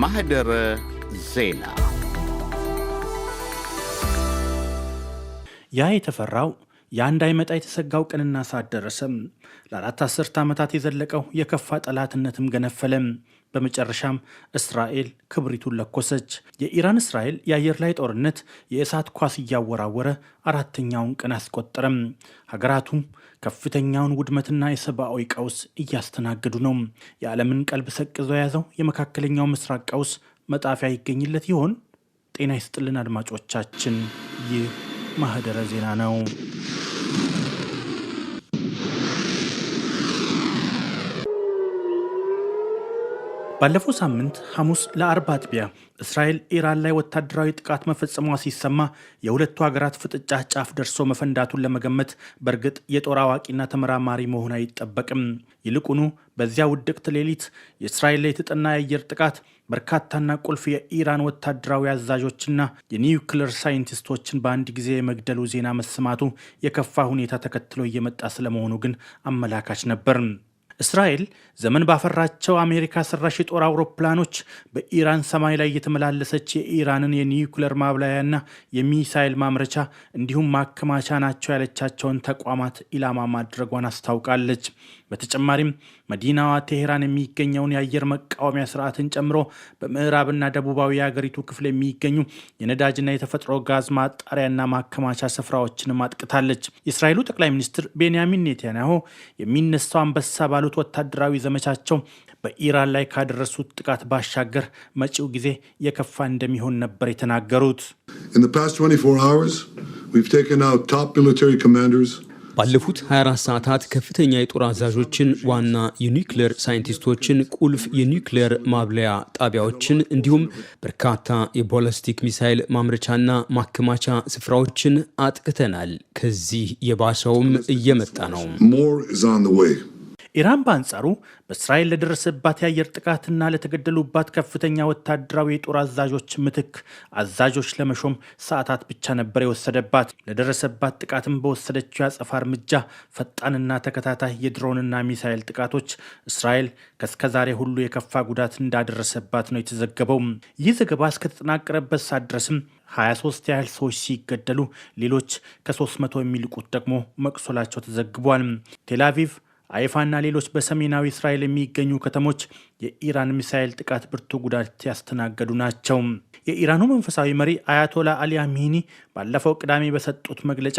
ማህደረ ዜና ያ የተፈራው ያ እንዳይመጣ የተሰጋው ቀንና ሰዓት ደረሰም። ለአራት አስርት ዓመታት የዘለቀው የከፋ ጠላትነትም ገነፈለም። በመጨረሻም እስራኤል ክብሪቱን ለኮሰች። የኢራን እስራኤል የአየር ላይ ጦርነት የእሳት ኳስ እያወራወረ አራተኛውን ቀን አስቆጠረም። ሀገራቱም ከፍተኛውን ውድመትና የሰብአዊ ቀውስ እያስተናገዱ ነው። የዓለምን ቀልብ ሰቅዞ የያዘው የመካከለኛው ምስራቅ ቀውስ መጣፊያ ይገኝለት ይሆን? ጤና ይስጥልን አድማጮቻችን፣ ይህ ማህደረ ዜና ነው። ባለፈው ሳምንት ሐሙስ ለአርብ አጥቢያ እስራኤል ኢራን ላይ ወታደራዊ ጥቃት መፈጸሟ ሲሰማ የሁለቱ ሀገራት ፍጥጫ ጫፍ ደርሶ መፈንዳቱን ለመገመት በእርግጥ የጦር አዋቂና ተመራማሪ መሆን አይጠበቅም። ይልቁኑ በዚያ ውድቅት ሌሊት የእስራኤል ላይ የተጠና የአየር ጥቃት በርካታና ቁልፍ የኢራን ወታደራዊ አዛዦችና የኒውክለር ሳይንቲስቶችን በአንድ ጊዜ የመግደሉ ዜና መሰማቱ የከፋ ሁኔታ ተከትሎ እየመጣ ስለመሆኑ ግን አመላካች ነበር። እስራኤል ዘመን ባፈራቸው አሜሪካ ሰራሽ የጦር አውሮፕላኖች በኢራን ሰማይ ላይ የተመላለሰች የኢራንን የኒውክለር ማብላያና የሚሳይል ማምረቻ እንዲሁም ማከማቻ ናቸው ያለቻቸውን ተቋማት ኢላማ ማድረጓን አስታውቃለች። በተጨማሪም መዲናዋ ቴሄራን የሚገኘውን የአየር መቃወሚያ ስርዓትን ጨምሮ በምዕራብና ደቡባዊ የአገሪቱ ክፍል የሚገኙ የነዳጅና የተፈጥሮ ጋዝ ማጣሪያና ማከማቻ ስፍራዎችን አጥቅታለች። የእስራኤሉ ጠቅላይ ሚኒስትር ቤንያሚን ኔታንያሁ የሚነሳው አንበሳ ባሉት ወታደራዊ ዘመቻቸው በኢራን ላይ ካደረሱት ጥቃት ባሻገር መጪው ጊዜ የከፋ እንደሚሆን ነበር የተናገሩት። ባለፉት 24 ሰዓታት ከፍተኛ የጦር አዛዦችን፣ ዋና የኒውክሌር ሳይንቲስቶችን፣ ቁልፍ የኒውክሌር ማብለያ ጣቢያዎችን እንዲሁም በርካታ የቦላስቲክ ሚሳይል ማምረቻና ማከማቻ ስፍራዎችን አጥቅተናል። ከዚህ የባሰውም እየመጣ ነው። ኢራን በአንጻሩ በእስራኤል ለደረሰባት የአየር ጥቃትና ለተገደሉባት ከፍተኛ ወታደራዊ የጦር አዛዦች ምትክ አዛዦች ለመሾም ሰዓታት ብቻ ነበር የወሰደባት። ለደረሰባት ጥቃትም በወሰደችው ያጸፋ እርምጃ ፈጣንና ተከታታይ የድሮንና ሚሳይል ጥቃቶች እስራኤል ከስከዛሬ ሁሉ የከፋ ጉዳት እንዳደረሰባት ነው የተዘገበው። ይህ ዘገባ እስከተጠናቀረበት ሰዓት ድረስም 23 ያህል ሰዎች ሲገደሉ ሌሎች ከ300 የሚልቁት ደግሞ መቁሰላቸው ተዘግቧል። ቴል አይፋና ሌሎች በሰሜናዊ እስራኤል የሚገኙ ከተሞች የኢራን ሚሳኤል ጥቃት ብርቱ ጉዳት ያስተናገዱ ናቸው። የኢራኑ መንፈሳዊ መሪ አያቶላ አሊ አሚኒ ባለፈው ቅዳሜ በሰጡት መግለጫ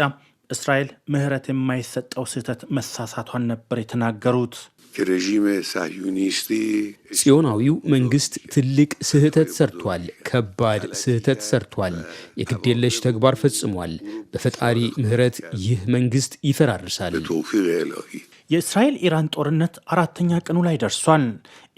እስራኤል ምህረት የማይሰጠው ስህተት መሳሳቷን ነበር የተናገሩት። ጽዮናዊው መንግስት ትልቅ ስህተት ሰርቷል፣ ከባድ ስህተት ሰርቷል፣ የግዴለሽ ተግባር ፈጽሟል። በፈጣሪ ምህረት ይህ መንግስት ይፈራርሳል። የእስራኤል ኢራን ጦርነት አራተኛ ቀኑ ላይ ደርሷል።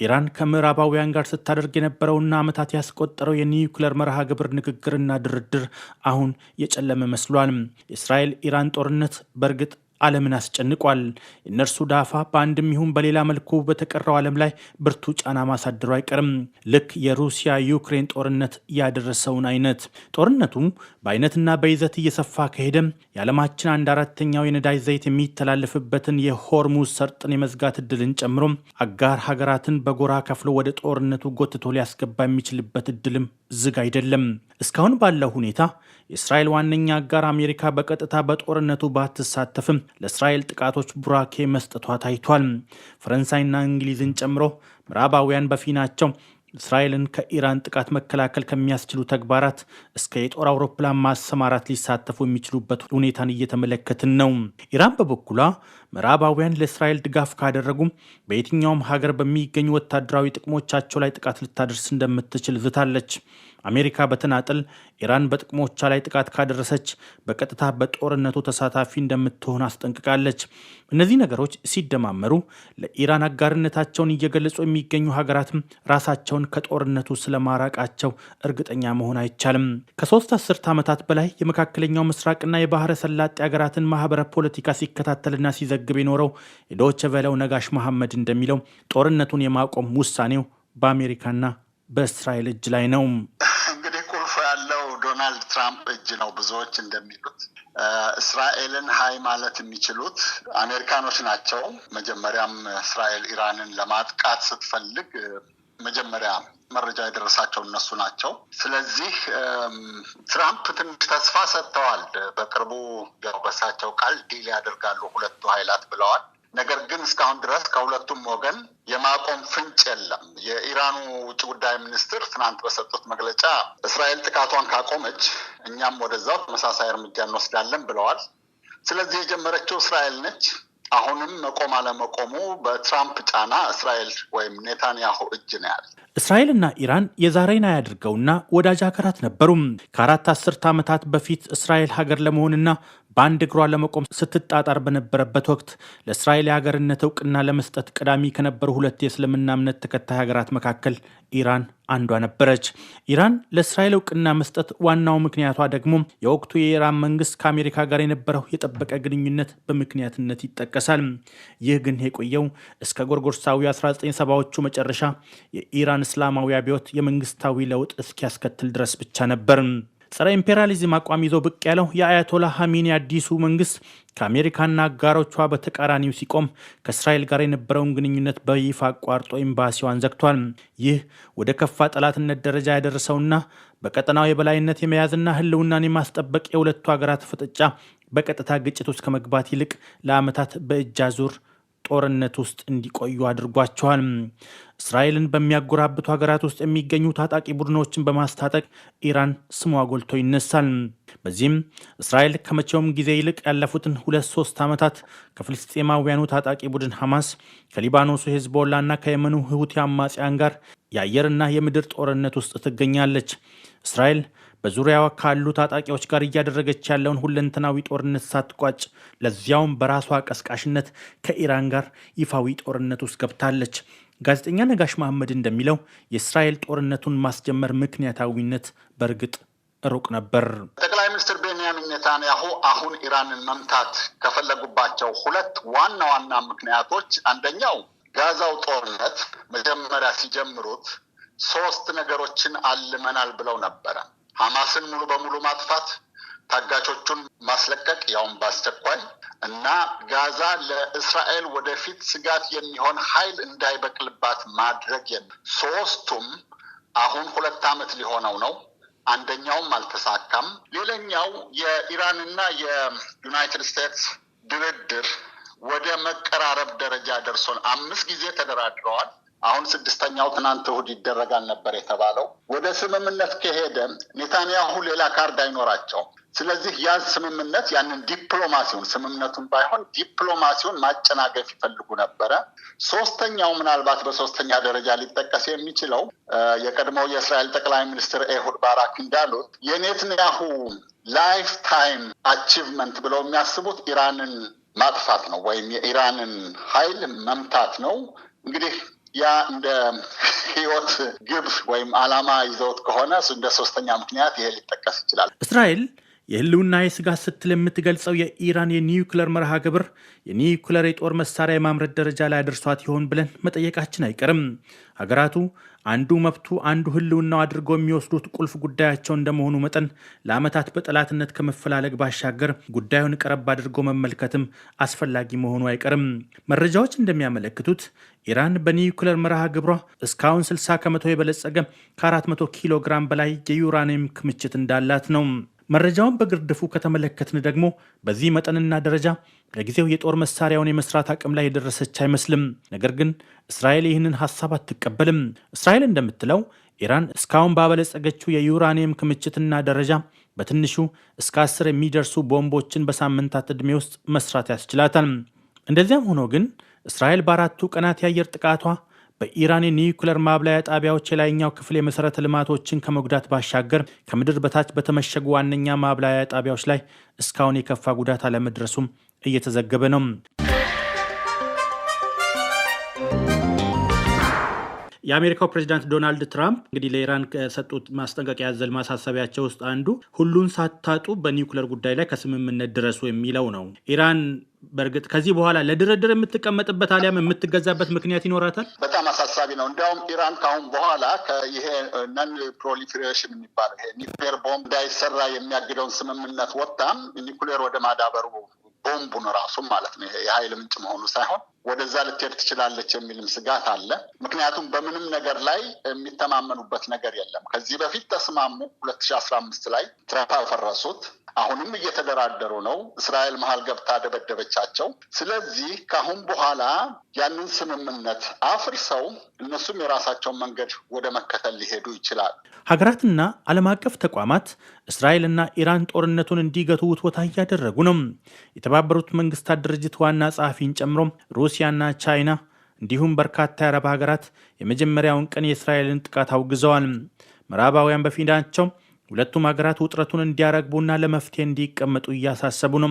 ኢራን ከምዕራባውያን ጋር ስታደርግ የነበረውና ዓመታት ያስቆጠረው የኒውክለር መርሃ ግብር ንግግርና ድርድር አሁን የጨለመ መስሏል። የእስራኤል ኢራን ጦርነት በእርግጥ ዓለምን አስጨንቋል። የእነርሱ ዳፋ በአንድም ይሁን በሌላ መልኩ በተቀረው ዓለም ላይ ብርቱ ጫና ማሳደሩ አይቀርም። ልክ የሩሲያ ዩክሬን ጦርነት ያደረሰውን አይነት ጦርነቱ በአይነትና በይዘት እየሰፋ ከሄደም የዓለማችን አንድ አራተኛው የነዳጅ ዘይት የሚተላለፍበትን የሆርሙዝ ሰርጥን የመዝጋት እድልን ጨምሮ አጋር ሀገራትን በጎራ ከፍሎ ወደ ጦርነቱ ጎትቶ ሊያስገባ የሚችልበት እድልም ዝግ አይደለም። እስካሁን ባለው ሁኔታ የእስራኤል ዋነኛ አጋር አሜሪካ በቀጥታ በጦርነቱ ባትሳተፍም ለእስራኤል ጥቃቶች ቡራኬ መስጠቷ ታይቷል። ፈረንሳይና እንግሊዝን ጨምሮ ምዕራባውያን በፊናቸው እስራኤልን ከኢራን ጥቃት መከላከል ከሚያስችሉ ተግባራት እስከ የጦር አውሮፕላን ማሰማራት ሊሳተፉ የሚችሉበት ሁኔታን እየተመለከትን ነው። ኢራን በበኩሏ ምዕራባውያን ለእስራኤል ድጋፍ ካደረጉም በየትኛውም ሀገር በሚገኙ ወታደራዊ ጥቅሞቻቸው ላይ ጥቃት ልታደርስ እንደምትችል ዝታለች። አሜሪካ በተናጠል ኢራን በጥቅሞቿ ላይ ጥቃት ካደረሰች በቀጥታ በጦርነቱ ተሳታፊ እንደምትሆን አስጠንቅቃለች። እነዚህ ነገሮች ሲደማመሩ ለኢራን አጋርነታቸውን እየገለጹ የሚገኙ ሀገራትም ራሳቸውን ከጦርነቱ ስለማራቃቸው እርግጠኛ መሆን አይቻልም። ከሶስት አስርት ዓመታት በላይ የመካከለኛው ምስራቅና የባህረ ሰላጤ ሀገራትን ማህበረ ፖለቲካ ሲከታተልና ሲዘ ሲዘግብ የኖረው የዶቸ ቨለው ነጋሽ መሐመድ እንደሚለው ጦርነቱን የማቆም ውሳኔው በአሜሪካና በእስራኤል እጅ ላይ ነው። እንግዲህ ቁልፎ ያለው ዶናልድ ትራምፕ እጅ ነው። ብዙዎች እንደሚሉት እስራኤልን ሀይ ማለት የሚችሉት አሜሪካኖች ናቸው። መጀመሪያም እስራኤል ኢራንን ለማጥቃት ስትፈልግ መጀመሪያ መረጃ የደረሳቸው እነሱ ናቸው። ስለዚህ ትራምፕ ትንሽ ተስፋ ሰጥተዋል። በቅርቡ ያው በሳቸው ቃል ዲል ያደርጋሉ ሁለቱ ኃይላት ብለዋል። ነገር ግን እስካሁን ድረስ ከሁለቱም ወገን የማቆም ፍንጭ የለም። የኢራኑ ውጭ ጉዳይ ሚኒስትር ትናንት በሰጡት መግለጫ እስራኤል ጥቃቷን ካቆመች እኛም ወደዛው ተመሳሳይ እርምጃ እንወስዳለን ብለዋል። ስለዚህ የጀመረችው እስራኤል ነች። አሁንም መቆም አለመቆሙ በትራምፕ ጫና እስራኤል ወይም ኔታንያሁ እጅ ነው ያለ። እስራኤልና ኢራን የዛሬን አያድርገውና ወዳጅ ሀገራት ነበሩም። ከአራት አስርት ዓመታት በፊት እስራኤል ሀገር ለመሆንና በአንድ እግሯ ለመቆም ስትጣጣር በነበረበት ወቅት ለእስራኤል የሀገርነት እውቅና ለመስጠት ቀዳሚ ከነበሩ ሁለት የእስልምና እምነት ተከታይ ሀገራት መካከል ኢራን አንዷ ነበረች። ኢራን ለእስራኤል እውቅና መስጠት ዋናው ምክንያቷ ደግሞ የወቅቱ የኢራን መንግስት ከአሜሪካ ጋር የነበረው የጠበቀ ግንኙነት በምክንያትነት ይጠቀሳል። ይህ ግን የቆየው እስከ ጎርጎርሳዊ 1970ዎቹ መጨረሻ የኢራን እስላማዊ አብዮት የመንግስታዊ ለውጥ እስኪያስከትል ድረስ ብቻ ነበር። ጸረ ኢምፔሪያሊዝም አቋም ይዞ ብቅ ያለው የአያቶላ ሀሚኒ አዲሱ መንግስት ከአሜሪካና አጋሮቿ በተቃራኒው ሲቆም ከእስራኤል ጋር የነበረውን ግንኙነት በይፋ አቋርጦ ኤምባሲዋን ዘግቷል። ይህ ወደ ከፋ ጠላትነት ደረጃ ያደረሰውና በቀጠናው የበላይነት የመያዝና ህልውናን የማስጠበቅ የሁለቱ ሀገራት ፍጥጫ በቀጥታ ግጭት ውስጥ ከመግባት ይልቅ ለዓመታት በእጅ አዙር ጦርነት ውስጥ እንዲቆዩ አድርጓቸዋል። እስራኤልን በሚያጎራብቱ ሀገራት ውስጥ የሚገኙ ታጣቂ ቡድኖችን በማስታጠቅ ኢራን ስሟ ጎልቶ ይነሳል። በዚህም እስራኤል ከመቼውም ጊዜ ይልቅ ያለፉትን ሁለት ሶስት ዓመታት ከፍልስጤማውያኑ ታጣቂ ቡድን ሐማስ፣ ከሊባኖሱ ሄዝቦላ እና ከየመኑ ህውቲ አማጽያን ጋር የአየርና የምድር ጦርነት ውስጥ ትገኛለች። እስራኤል በዙሪያዋ ካሉ ታጣቂዎች ጋር እያደረገች ያለውን ሁለንተናዊ ጦርነት ሳትቋጭ ለዚያውም በራሷ ቀስቃሽነት ከኢራን ጋር ይፋዊ ጦርነት ውስጥ ገብታለች። ጋዜጠኛ ነጋሽ መሐመድ እንደሚለው የእስራኤል ጦርነቱን ማስጀመር ምክንያታዊነት በእርግጥ ሩቅ ነበር። ጠቅላይ ሚኒስትር ቤንያሚን ኔታንያሁ አሁን ኢራንን መምታት ከፈለጉባቸው ሁለት ዋና ዋና ምክንያቶች አንደኛው ጋዛው ጦርነት መጀመሪያ ሲጀምሩት ሶስት ነገሮችን አልመናል ብለው ነበረ። ሐማስን ሙሉ በሙሉ ማጥፋት፣ ታጋቾቹን ማስለቀቅ ያውም በአስቸኳይ እና ጋዛ ለእስራኤል ወደፊት ስጋት የሚሆን ኃይል እንዳይበቅልባት ማድረግ የለ። ሶስቱም አሁን ሁለት ዓመት ሊሆነው ነው። አንደኛውም አልተሳካም። ሌላኛው የኢራንና የዩናይትድ ስቴትስ ድርድር ወደ መቀራረብ ደረጃ ደርሶን አምስት ጊዜ ተደራድረዋል። አሁን ስድስተኛው ትናንት እሁድ ይደረጋል ነበር የተባለው። ወደ ስምምነት ከሄደ ኔታንያሁ ሌላ ካርድ አይኖራቸውም። ስለዚህ ያን ስምምነት ያንን ዲፕሎማሲውን ስምምነቱን ባይሆን ዲፕሎማሲውን ማጨናገፍ ይፈልጉ ነበረ። ሶስተኛው ምናልባት በሶስተኛ ደረጃ ሊጠቀስ የሚችለው የቀድሞው የእስራኤል ጠቅላይ ሚኒስትር ኤሁድ ባራክ እንዳሉት የኔትንያሁ ላይፍ ታይም አቺቭመንት ብለው የሚያስቡት ኢራንን ማጥፋት ነው ወይም የኢራንን ኃይል መምታት ነው እንግዲህ ያ እንደ ህይወት ግብ ወይም አላማ ይዘውት ከሆነ እንደ ሶስተኛ ምክንያት ይሄ ሊጠቀስ ይችላል። እስራኤል የህልውና የስጋት ስትል የምትገልጸው የኢራን የኒውክለር መርሃ ግብር የኒውክለር የጦር መሳሪያ የማምረት ደረጃ ላይ አደርሷት ይሆን ብለን መጠየቃችን አይቀርም። ሀገራቱ አንዱ መብቱ አንዱ ህልውናው አድርጎ የሚወስዱት ቁልፍ ጉዳያቸው እንደመሆኑ መጠን ለዓመታት በጠላትነት ከመፈላለግ ባሻገር ጉዳዩን ቀረብ አድርጎ መመልከትም አስፈላጊ መሆኑ አይቀርም። መረጃዎች እንደሚያመለክቱት ኢራን በኒውክለር መርሃ ግብሯ እስካሁን 60 ከመቶ የበለጸገ ከ400 ኪሎ ግራም በላይ የዩራኒየም ክምችት እንዳላት ነው። መረጃውን በግርድፉ ከተመለከትን ደግሞ በዚህ መጠንና ደረጃ ለጊዜው የጦር መሳሪያውን የመስራት አቅም ላይ የደረሰች አይመስልም። ነገር ግን እስራኤል ይህንን ሀሳብ አትቀበልም። እስራኤል እንደምትለው ኢራን እስካሁን ባበለጸገችው የዩራኒየም ክምችትና ደረጃ በትንሹ እስከ አስር የሚደርሱ ቦምቦችን በሳምንታት ዕድሜ ውስጥ መስራት ያስችላታል። እንደዚያም ሆኖ ግን እስራኤል በአራቱ ቀናት የአየር ጥቃቷ በኢራን የኒውክለር ማብላያ ጣቢያዎች የላይኛው ክፍል የመሰረተ ልማቶችን ከመጉዳት ባሻገር ከምድር በታች በተመሸጉ ዋነኛ ማብላያ ጣቢያዎች ላይ እስካሁን የከፋ ጉዳት አለመድረሱም እየተዘገበ ነው። የአሜሪካው ፕሬዚዳንት ዶናልድ ትራምፕ እንግዲህ ለኢራን ከሰጡት ማስጠንቀቂያ ያዘል ማሳሰቢያቸው ውስጥ አንዱ ሁሉን ሳታጡ በኒውክለር ጉዳይ ላይ ከስምምነት ድረሱ የሚለው ነው። ኢራን በእርግጥ ከዚህ በኋላ ለድርድር የምትቀመጥበት አሊያም የምትገዛበት ምክንያት ይኖራታል። በጣም አሳሳቢ ነው። እንዲያውም ኢራን ካሁን በኋላ ይሄ ነን ፕሮሊፌሬሽን የሚባል ይሄ ኒውክሌር ቦምብ እንዳይሰራ የሚያግደውን ስምምነት ወጣም ኒውክሌር ወደ ማዳበሩ ቦምቡን ራሱም ማለት ነው ይሄ የሀይል ምንጭ መሆኑ ሳይሆን ወደዛ ልትሄድ ትችላለች የሚልም ስጋት አለ። ምክንያቱም በምንም ነገር ላይ የሚተማመኑበት ነገር የለም። ከዚህ በፊት ተስማሙ። ሁለት ሺ አስራ አምስት ላይ ትራምፕ አፈረሱት። አሁንም እየተደራደሩ ነው። እስራኤል መሀል ገብታ ደበደበቻቸው። ስለዚህ ከአሁን በኋላ ያንን ስምምነት አፍርሰው እነሱም የራሳቸውን መንገድ ወደ መከተል ሊሄዱ ይችላል። ሀገራትና ዓለም አቀፍ ተቋማት እስራኤልና ኢራን ጦርነቱን እንዲገቱ ውትወታ እያደረጉ ነው። የተባበሩት መንግስታት ድርጅት ዋና ጸሐፊን ጨምሮ ሩሲያ ሩሲያና ቻይና እንዲሁም በርካታ የአረብ ሀገራት የመጀመሪያውን ቀን የእስራኤልን ጥቃት አውግዘዋል። ምዕራባውያን በፊናቸው ሁለቱም ሀገራት ውጥረቱን እንዲያረግቡና ለመፍትሄ እንዲቀመጡ እያሳሰቡ ነው።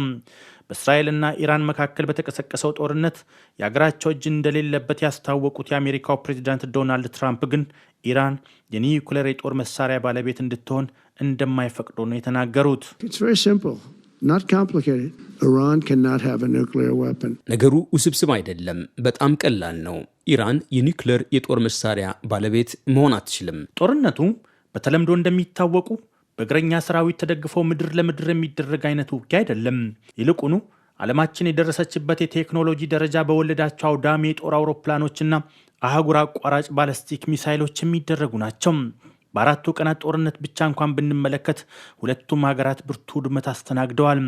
በእስራኤልና ኢራን መካከል በተቀሰቀሰው ጦርነት የሀገራቸው እጅ እንደሌለበት ያስታወቁት የአሜሪካው ፕሬዚዳንት ዶናልድ ትራምፕ ግን ኢራን የኒውክሌር የጦር መሳሪያ ባለቤት እንድትሆን እንደማይፈቅዱ ነው የተናገሩት። ነገሩ ውስብስብ አይደለም፣ በጣም ቀላል ነው። ኢራን የኒውክሌር የጦር መሳሪያ ባለቤት መሆን አትችልም። ጦርነቱ በተለምዶ እንደሚታወቁ በእግረኛ ሰራዊት ተደግፈው ምድር ለምድር የሚደረግ አይነት ውጊያ አይደለም። ይልቁኑ ዓለማችን የደረሰችበት የቴክኖሎጂ ደረጃ በወለዳቸው አውዳሚ የጦር አውሮፕላኖችና አህጉር አቋራጭ ባለስቲክ ሚሳይሎች የሚደረጉ ናቸው። በአራቱ ቀናት ጦርነት ብቻ እንኳን ብንመለከት ሁለቱም ሀገራት ብርቱ ውድመት አስተናግደዋል።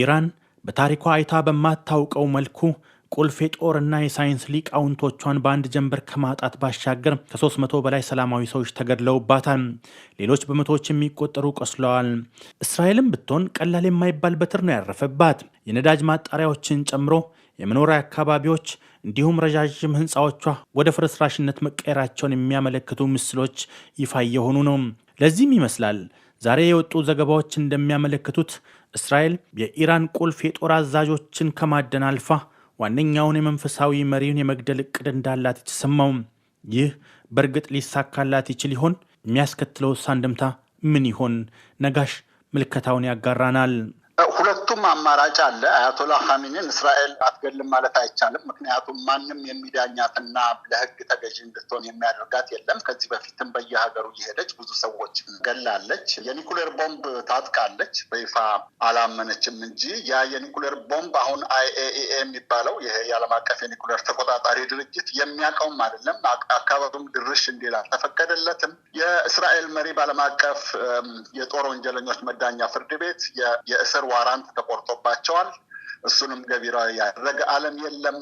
ኢራን በታሪኳ አይታ በማታውቀው መልኩ ቁልፍ የጦርና የሳይንስ ሊቃውንቶቿን በአንድ ጀንበር ከማጣት ባሻገር ከ300 በላይ ሰላማዊ ሰዎች ተገድለውባታል። ሌሎች በመቶዎች የሚቆጠሩ ቆስለዋል። እስራኤልም ብትሆን ቀላል የማይባል በትር ነው ያረፈባት። የነዳጅ ማጣሪያዎችን ጨምሮ የመኖሪያ አካባቢዎች እንዲሁም ረዣዥም ህንፃዎቿ ወደ ፍርስራሽነት መቀየራቸውን የሚያመለክቱ ምስሎች ይፋ እየሆኑ ነው። ለዚህም ይመስላል ዛሬ የወጡ ዘገባዎች እንደሚያመለክቱት እስራኤል የኢራን ቁልፍ የጦር አዛዦችን ከማደን አልፋ ዋነኛውን የመንፈሳዊ መሪውን የመግደል እቅድ እንዳላት የተሰማው ይህ በእርግጥ ሊሳካላት ይችል ይሆን? የሚያስከትለው ሳንድምታ ምን ይሆን? ነጋሽ ምልከታውን ያጋራናል። ሁለቱም አማራጭ አለ። አያቶላ ሀሚንን እስራኤል አትገልም ማለት አይቻልም። ምክንያቱም ማንም የሚዳኛትና ለህግ ተገዢ እንድትሆን የሚያደርጋት የለም። ከዚህ በፊትም በየሀገሩ እየሄደች ብዙ ሰዎች ገላለች። የኒኩሌር ቦምብ ታጥቃለች። በይፋ አላመነችም እንጂ ያ የኒኩሌር ቦምብ አሁን አይኤኢኤ የሚባለው ይሄ የዓለም አቀፍ የኒኩሌር ተቆጣጣሪ ድርጅት የሚያውቀውም አይደለም። አካባቢውም ድርሽ እንዲል አልተፈቀደለትም። የእስራኤል መሪ በዓለም አቀፍ የጦር ወንጀለኞች መዳኛ ፍርድ ቤት የእስር ዋራንት ተቆርጦባቸዋል። እሱንም ገቢራዊ ያደረገ አለም የለም።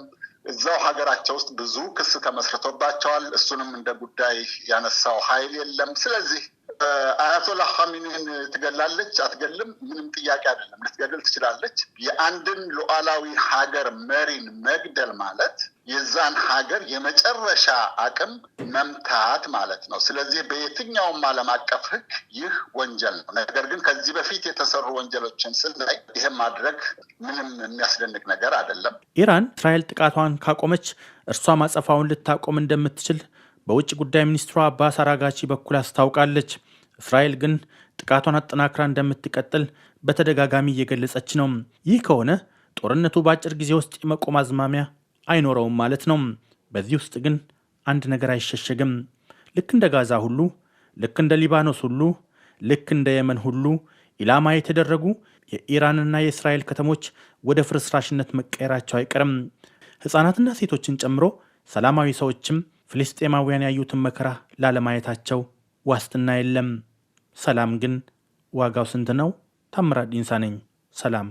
እዛው ሀገራቸው ውስጥ ብዙ ክስ ተመስርቶባቸዋል። እሱንም እንደ ጉዳይ ያነሳው ኃይል የለም። ስለዚህ አያቶላ ሀሚኒን ትገላለች አትገልም፣ ምንም ጥያቄ አይደለም። ልትገድል ትችላለች። የአንድን ሉዓላዊ ሀገር መሪን መግደል ማለት የዛን ሀገር የመጨረሻ አቅም መምታት ማለት ነው። ስለዚህ በየትኛውም ዓለም አቀፍ ሕግ ይህ ወንጀል ነው። ነገር ግን ከዚህ በፊት የተሰሩ ወንጀሎችን ስናይ ይህም ማድረግ ምንም የሚያስደንቅ ነገር አይደለም። ኢራን እስራኤል ጥቃቷን ካቆመች እርሷ ማጸፋውን ልታቆም እንደምትችል በውጭ ጉዳይ ሚኒስትሯ አባስ አራጋቺ በኩል አስታውቃለች። እስራኤል ግን ጥቃቷን አጠናክራ እንደምትቀጥል በተደጋጋሚ እየገለጸች ነው። ይህ ከሆነ ጦርነቱ በአጭር ጊዜ ውስጥ የመቆም አዝማሚያ አይኖረውም ማለት ነው። በዚህ ውስጥ ግን አንድ ነገር አይሸሸግም። ልክ እንደ ጋዛ ሁሉ፣ ልክ እንደ ሊባኖስ ሁሉ፣ ልክ እንደ የመን ሁሉ ኢላማ የተደረጉ የኢራንና የእስራኤል ከተሞች ወደ ፍርስራሽነት መቀየራቸው አይቀርም። ሕፃናትና ሴቶችን ጨምሮ ሰላማዊ ሰዎችም ፍልስጤማውያን ያዩትን መከራ ላለማየታቸው ዋስትና የለም። ሰላም ግን ዋጋው ስንት ነው? ታምራት ዲንሳ ነኝ። ሰላም